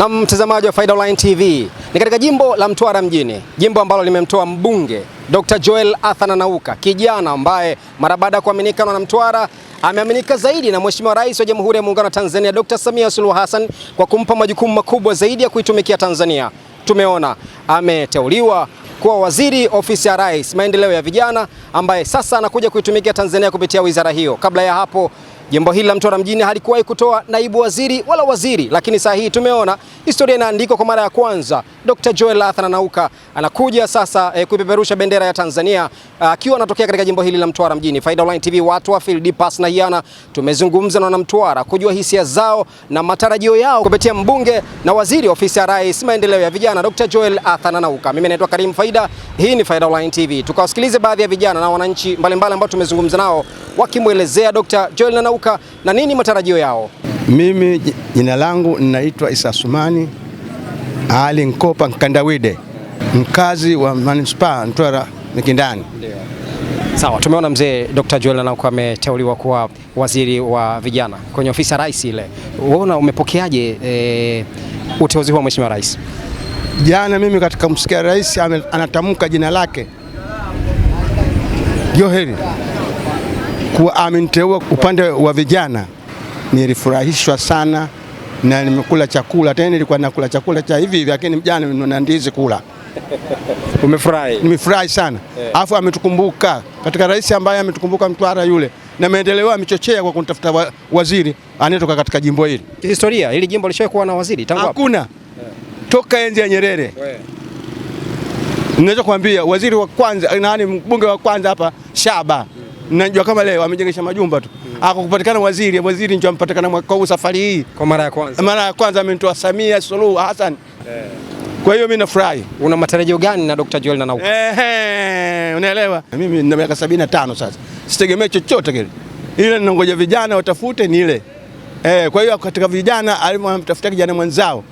Na mtazamaji wa Faida Online TV, ni katika jimbo la Mtwara mjini, jimbo ambalo limemtoa mbunge Dr. Joel Athana Nauka, kijana ambaye mara baada ya kuaminika na Mtwara ameaminika zaidi na Mheshimiwa Rais wa Jamhuri ya Muungano wa Tanzania Dr. Samia Suluhu Hassan kwa kumpa majukumu makubwa zaidi ya kuitumikia Tanzania. Tumeona ameteuliwa kuwa waziri ofisi ya rais maendeleo ya vijana, ambaye sasa anakuja kuitumikia Tanzania kupitia wizara hiyo. Kabla ya hapo Jimbo hili la Mtwara mjini halikuwahi kutoa naibu waziri wala waziri, lakini saa hii tumeona historia inaandikwa kwa mara ya kwanza. Dr. Joel Athana Nauka anakuja sasa eh, kuipeperusha bendera ya Tanzania eh, akiwa ah, anatokea katika jimbo hili la Mtwara mjini. Faida Online TV, watu wa Field Pass na Hiana tumezungumza na wanamtwara kujua hisia zao na matarajio yao kupitia mbunge na waziri ofisi ya Rais maendeleo ya vijana Dr. Joel Athana Nauka. Mimi naitwa Karim Faida, hii ni Faida Online TV. Tukawasikilize baadhi ya vijana na wananchi mbalimbali ambao tumezungumza nao wakimwelezea Dr. Joel Nauka wanazunguka na nini matarajio yao? Mimi jina langu ninaitwa Isa Sumani Ali Nkopa Nkandawide, mkazi wa manispaa Mtwara Mikindani. Sawa, tumeona mzee Dr. Joel Nauka ameteuliwa kuwa waziri wa vijana kwenye ofisi ya rais ile. uona umepokeaje e, uteuzi huo mheshimiwa rais? Jana mimi katika msikia rais anatamka jina lake Joheri kuwa ameniteua upande wa vijana, nilifurahishwa sana na nimekula chakula tena, nilikuwa nakula chakula cha hivi hivi, lakini mjana na ndizi kula. Umefurahi? Nimefurahi sana eh. alafu yeah. Ametukumbuka katika rais ambaye ametukumbuka Mtwara yule, na maendeleo amechochea kwa kunitafuta wa, waziri anayetoka katika jimbo hili. Historia hili jimbo lishawahi kuwa na waziri tangu hakuna yeah. Toka enzi ya Nyerere yeah. Ninaweza kuambia waziri wa kwanza nani, mbunge wa kwanza hapa Shaba Najua kama leo amejengesha majumba tu mm. Akupatikana waziri waziri ndio ampatikana kwa safari hii kwa mara ya kwanza, mara ya kwanza amemtoa Samia Suluhu Hassan yeah. Kwa hiyo mimi nafurahi. Una matarajio gani na Dr. Joel Nanauka? Ehe, unaelewa mimi nina miaka 75 sasa, sitegemee chochote kile, ile ninangoja vijana watafute ni ile eh. Kwa hiyo katika vijana alimwamtafuta kijana mwenzao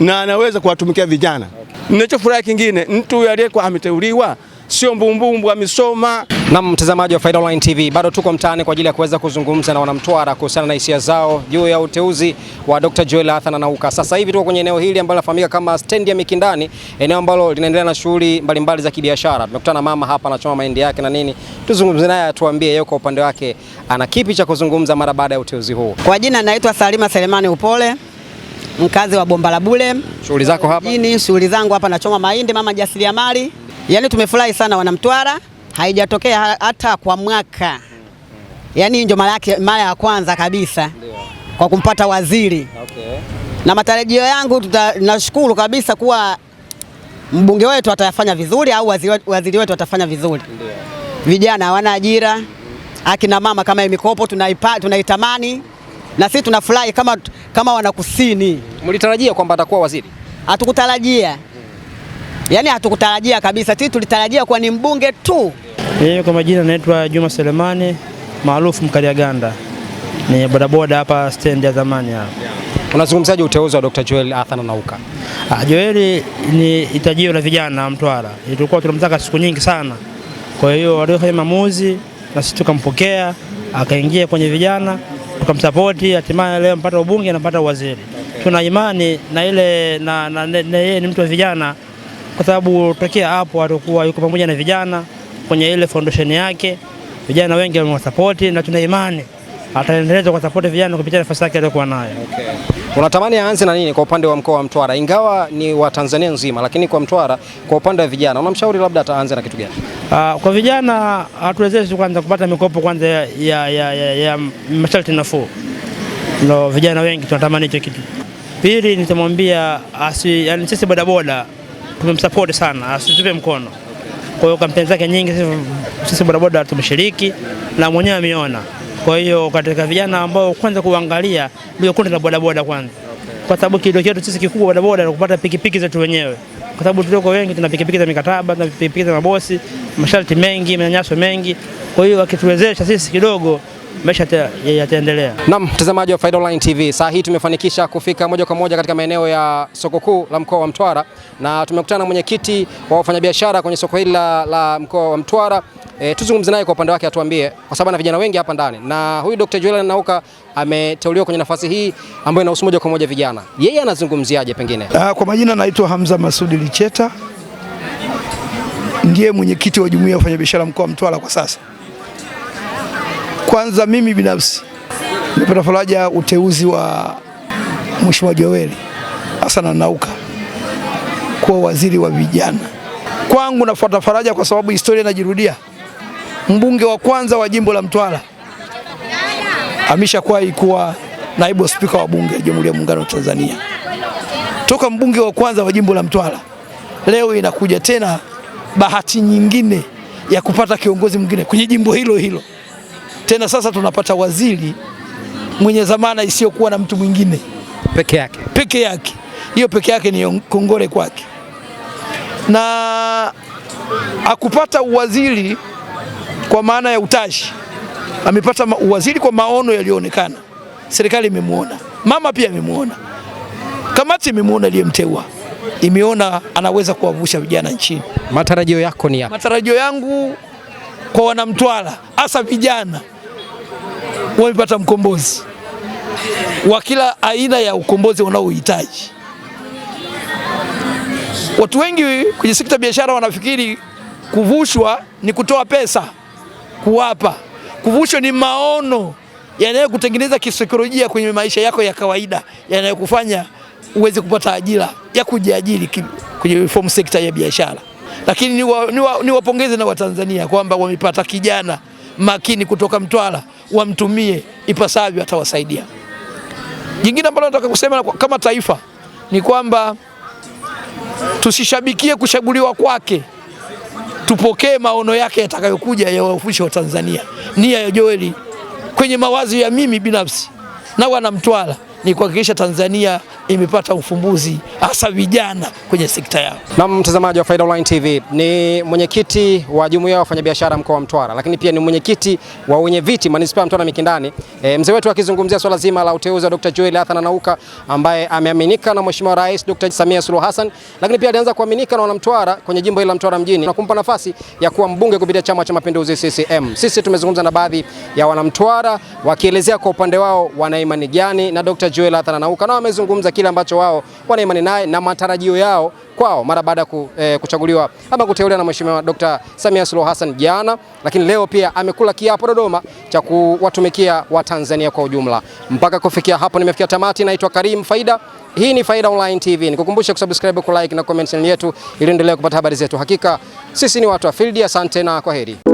na anaweza kuwatumikia vijana okay. Ninachofurahi kingine mtu aliyekuwa ameteuliwa sio mbumbumbu, amesoma. Na mtazamaji wa Faida Online TV, bado tuko mtaani kwa ajili ya kuweza kuzungumza na wanamtwara kuhusiana na hisia zao juu ya uteuzi wa Dr. Joel Athana Nauka. Sasa hivi tuko kwenye eneo hili ambalo linafahamika kama stendi ya Mikindani, eneo ambalo linaendelea na shughuli mbalimbali za kibiashara. Tumekutana na mama hapa anachoma mahindi yake na nini, tuzungumze naye atuambie yeye kwa upande wake ana kipi cha kuzungumza mara baada ya uteuzi huu. Kwa jina naitwa Salima Selemani Upole mkazi wa Bomba la Bule. Shughuli zako hapa? Shughuli zangu hapa nachoma mahindi, mama jasiriamali. Yaani tumefurahi sana wanamtwara, haijatokea hata kwa mwaka. Yaani ndio mara yake mara ya kwanza kabisa kwa kumpata waziri okay. Na matarajio yangu tunashukuru kabisa kuwa mbunge wetu atafanya vizuri au waziri, waziri wetu atafanya vizuri. Vijana hawana ajira, akina mama kama mikopo tunaipa, tunaitamani na sisi tunafurahi kama, kama Wanakusini. Mlitarajia kwamba atakuwa waziri? Hatukutarajia yaani hatukutarajia kabisa. Sisi tulitarajia kuwa ni mbunge tu. Mimi kwa majina anaitwa Juma Selemani maarufu Mkaliaganda, ni bodaboda hapa stendi ya zamani hapa. Unazungumzaje uteuzi wa Dr. Joel Athana Nauka? Ah, Joeli ni itajio la vijana wa Mtwara, tulikuwa tunamtaka siku nyingi sana. Kwa hiyo waliofanya maamuzi na sisi tukampokea, akaingia kwenye vijana, tukamsapoti, hatimaye leo mpata ubunge na mpata uwaziri. Tuna imani na ile na yeye ni mtu wa vijana kwa sababu tokea hapo alikuwa yuko pamoja na vijana kwenye ile foundation yake, vijana wengi wamewasapoti na tuna imani ataendeleza kwa support vijana kupitia nafasi yake aliyokuwa nayo. Okay. Unatamani aanze na nini kwa upande wa mkoa wa Mtwara, ingawa ni wa Tanzania nzima, lakini kwa Mtwara, kwa upande wa vijana unamshauri labda ataanze na kitu gani? Uh, kwa vijana hatuwezeshi kwanza kupata mikopo kwanza ya, ya, ya, ya, ya masharti nafuu, ndio vijana wengi tunatamani hicho kitu. Pili nitamwambia asi, yani sisi bodaboda tumemsupport sana, asitupe mkono. Kwa hiyo kampeni zake nyingi sisi bodaboda tumeshiriki na mwenyewe ameona. Kwa hiyo katika vijana ambao kwanza kuangalia ndio kundi la bodaboda kwanza, kwa sababu kidogo chetu sisi kikubwa bodaboda na kupata pikipiki zetu wenyewe, kwa sababu tulioko wengi tuna pikipiki za mikataba, na pikipiki za mabosi, masharti mengi, manyanyaso mengi. Kwa hiyo akituwezesha sisi kidogo maisha yataendelea. Naam, mtazamaji wa Faida Online TV, saa hii tumefanikisha kufika moja kwa moja katika maeneo ya soko kuu la mkoa wa Mtwara na tumekutana na mwenyekiti wa wafanyabiashara kwenye soko hili la, la mkoa wa Mtwara. E, tuzungumze naye kwa upande wake atuambie, kwa sababu ana vijana wengi hapa ndani na huyu Dr. Joel Nauka ameteuliwa kwenye nafasi hii ambayo inahusu moja kwa moja vijana. Yeye anazungumziaje pengine? Ah, kwa majina naitwa Hamza Masudi Licheta, ndiye mwenyekiti wa jumuiya ya wafanyabiashara mkoa wa Mtwara kwa sasa. Kwanza mimi binafsi nimepata faraja uteuzi wa Mheshimiwa Joel Hassan Nanauka kuwa waziri wa vijana. Kwangu nafuata faraja kwa sababu historia inajirudia. Mbunge wa kwanza wa jimbo la Mtwara ameshakuwahi kuwa naibu spika wa bunge la Jamhuri ya Muungano wa Tanzania, toka mbunge wa kwanza wa jimbo la Mtwara. Leo inakuja tena bahati nyingine ya kupata kiongozi mwingine kwenye jimbo hilo hilo. Tena sasa tunapata waziri mwenye zamana isiyokuwa na mtu mwingine peke yake, peke yake. Hiyo peke yake ni kongole kwake, na akupata uwaziri kwa maana ya utashi, amepata uwaziri kwa maono yaliyoonekana. Serikali imemwona mama, pia amemwona kamati, imemwona aliyemteua imeona anaweza kuwavusha vijana nchini. Matarajio yako ni yapi? Matarajio yangu kwa wanamtwara hasa vijana wamepata mkombozi wa kila aina ya ukombozi wanaohitaji. Watu wengi kwenye sekta biashara wanafikiri kuvushwa ni kutoa pesa kuwapa. Kuvushwa ni maono yanayokutengeneza kisaikolojia kwenye maisha yako ya kawaida, yanayokufanya uweze kupata ajira ya kujiajiri kwenye reform sekta ya biashara. Lakini niwapongeze wa, ni wa, ni na Watanzania kwamba wamepata kijana makini kutoka Mtwara wamtumie ipasavyo, atawasaidia. Jingine ambalo nataka kusema kama taifa ni kwamba tusishabikie kuchaguliwa kwake, tupokee maono yake yatakayokuja ya wafushi wa Tanzania. Nia ya Joeli kwenye mawazo ya mimi binafsi na wana Mtwara ni kuhakikisha Tanzania imepata ufumbuzi hasa vijana kwenye sekta yao. Na mtazamaji wa Faida Online TV, ni mwenyekiti wa jumuiya ya wafanyabiashara mkoa wa Mtwara, lakini pia ni mwenyekiti wa wenye viti manispaa Mtwara Mikindani. E, mzee wetu akizungumzia swala zima la uteuzi wa Dr. Joel Athana Nauka ambaye ameaminika na Mheshimiwa Rais Dr. Samia Suluhu Hassan, lakini pia alianza kuaminika na wanamtwara kwenye jimbo hili la Mtwara mjini na kumpa nafasi ya kuwa mbunge kupitia Chama cha Mapinduzi CCM. Sisi tumezungumza na baadhi ya wanamtwara wakielezea kwa upande wao wana imani gani na Dr. Joel Athan Nanauka, na wamezungumza kile ambacho wao wana imani naye na matarajio yao kwao mara baada ya eh, kuchaguliwa ama kuteuliwa na Mheshimiwa Dr. Samia Suluhu Hassan jana, lakini leo pia amekula kiapo Dodoma cha kuwatumikia Watanzania kwa ujumla. Mpaka kufikia hapo nimefikia tamati. Naitwa Karim Faida, hii ni Faida Online TV. Nikukumbusha kusubscribe, kulike na comment channel yetu ili endelee kupata habari zetu. Hakika sisi ni watu wa field. Asante na kwaheri.